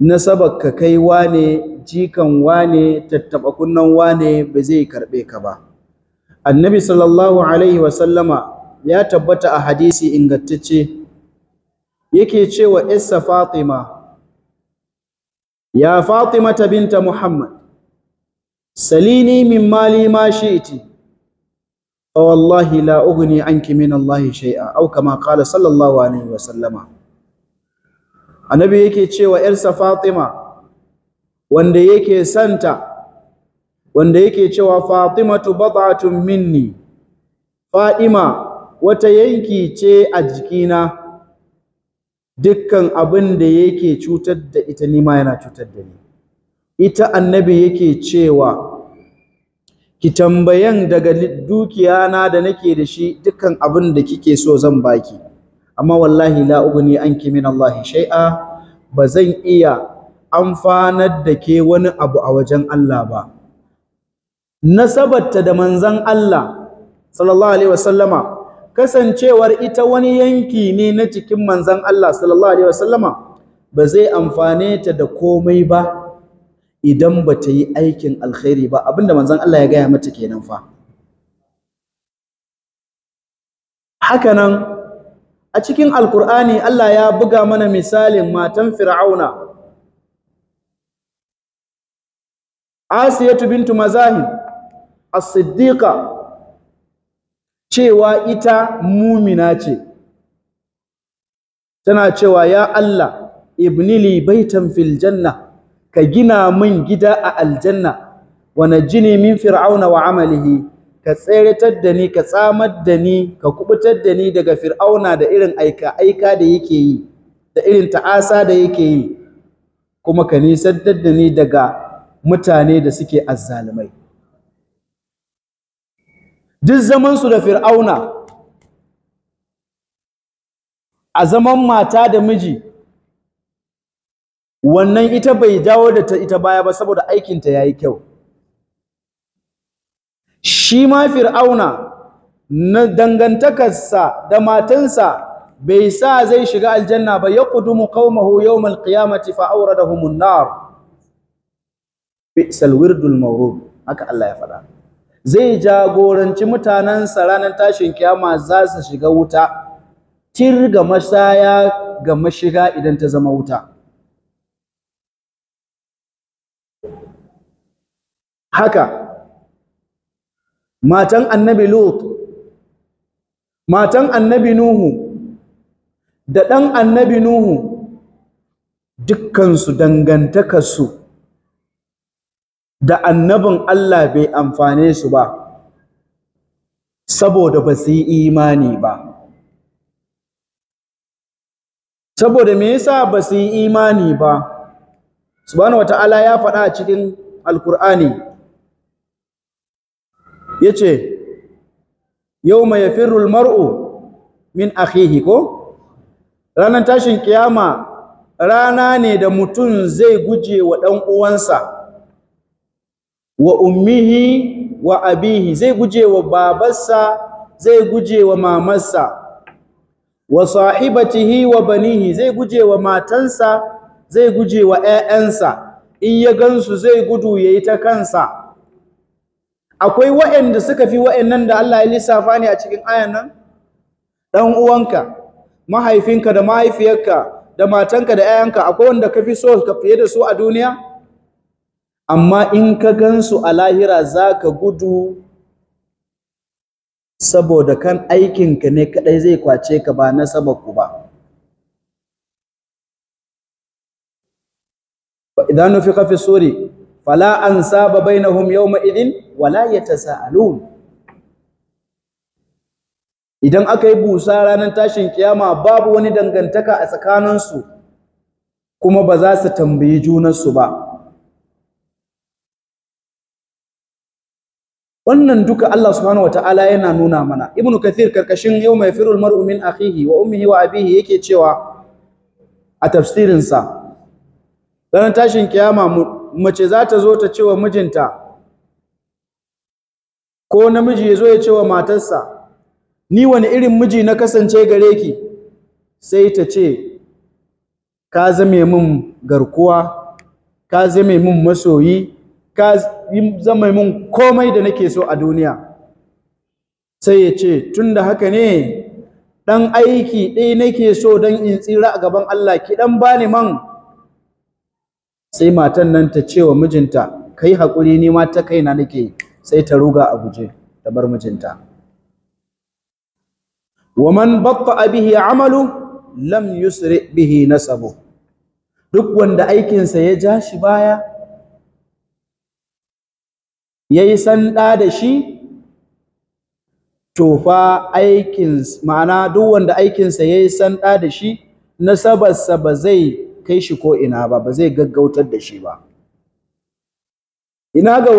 nasabar ka kai wane jikan wane tattaɓa kunnan wane ba zai karɓe ka ba annabi sallallahu alaihi wasallama ya tabbata a hadisi ingantacce yake cewa isa fatima ya fatima ta binta muhammad salini min mali ma shi'ti fa wallahi la ughni anki min allahi shay'a aw kama qala sallallahu alaihi wasallama annabi yake cewa ‘yarsa Fatima wanda yake santa wanda yake cewa Fatimatu bat'atun minni Fatima wata yanki ce a jikina dukkan abin da yake cutar da ita nima yana cutar da ni ita annabi yake cewa ki tambayan daga dukiyana da nake da shi dukkan abin da kike so zan baki amma wallahi la ugni anki min Allah shay'a ba zan iya amfanar da ke wani abu a wajen Allah ba nasabarta da manzon Allah sallallahu alaihi wasallama kasancewar ita wani yanki ne na cikin manzon Allah sallallahu alaihi wasallama ba zai amfane ta da komai ba idan ba ta yi aikin alkhairi ba abinda manzon Allah ya gaya mata kenan fa hakanan a cikin alkur'ani Allah ya buga mana misalin matan fir'auna asiyatu bintu mazahib as-siddiqa cewa ita mumina ce tana cewa ya Allah ibnili baitan fil janna ka gina min gida a aljanna wa najini min fir'auna wa amalihi ka tseratar da ni ka tsamar da ni ka kubutar da ni daga fir'auna da irin aika aika da yake yi da irin ta'asa da yake yi kuma ka nisantar da ni daga mutane da suke azzalumai duk zamansu da fir'auna a zaman mata da miji wannan ita bai dawo da ita baya ba saboda aikinta ya yi kyau shi ma fir'auna na dangantakarsa da matansa bai sa zai shiga aljanna ba ya kudumu qaumahu yau qiyamati fa awradahum an-nar bi'sal haka Allah ya faɗa zai jagoranci mutanensa ranar tashin kiyama za su shiga wuta tir ga masaya ga mashiga idan ta zama wuta haka matan annabi lut matan annabi nuhu da ɗan annabi nuhu dukkansu dangantakarsu da annabin Allah bai amfane su ba saboda ba su yi imani ba saboda me yasa ba su yi imani ba subhanahu wataala ya faɗa a cikin alkur'ani yace yawma yafirru almar'u min akhihi ko ranan tashin kiyama rana ne da mutum zai guje wa dan uwansa wa ummihi wa abihi zai guje wa babarsa zai guje wa mamarsa wa sahibatihi wa banihi zai guje wa matansa zai guje wa ƴaƴansa in ya gansu zai gudu yayi ta kansa akwai wa'anda suka fi wa'annan da Allah ya lissafa ne a cikin ayan nan dan uwanka mahaifinka da mahaifiyarka da matanka da 'ya'yanka akwai wanda ka so ka fiye da su a duniya amma in ka gansu a lahira za ka gudu saboda kan aikinka ne kadai zai kwace ka ba na sabaku ba idan nufi kafi suri fala ansaba bainahum yawma idin wala idan aka yi busa ranar tashin kiyama babu wani dangantaka a tsakaninsu kuma ba za su tambayi junansu ba wannan duka Allah subhanahu wataala yana nuna mana ibnu kathir karkashin yau mai firul mar'u min akhihi wa ummihi wa abihi yake cewa a tafsirinsa ranar tashin kiyama mace za ta zo ta ce wa mijinta ko namiji ya zo ya ce wa matarsa ni wani irin miji na kasance gare ki sai ta ce ka zame min garkuwa ka zame min masoyi ka zame min komai da nake so a duniya sai ya ce tun da haka ne ɗan aiki ɗaya nake so don in tsira a gaban Allah ki ɗan bani man sai matan nan ta ce wa mijinta kai haƙuri ni ma ta kaina nake sai ta ruga a guje ta bar mijinta waman batta bihi amalu lam yusri bihi nasabu duk wanda aikinsa ya ja shi baya ya yi sanda da shi to fa aikin ma'ana duk wanda aikinsa ya yi sanda da shi nasabarsa ba zai kai shi ko ina ba ba zai gaggautar da shi ba ina ga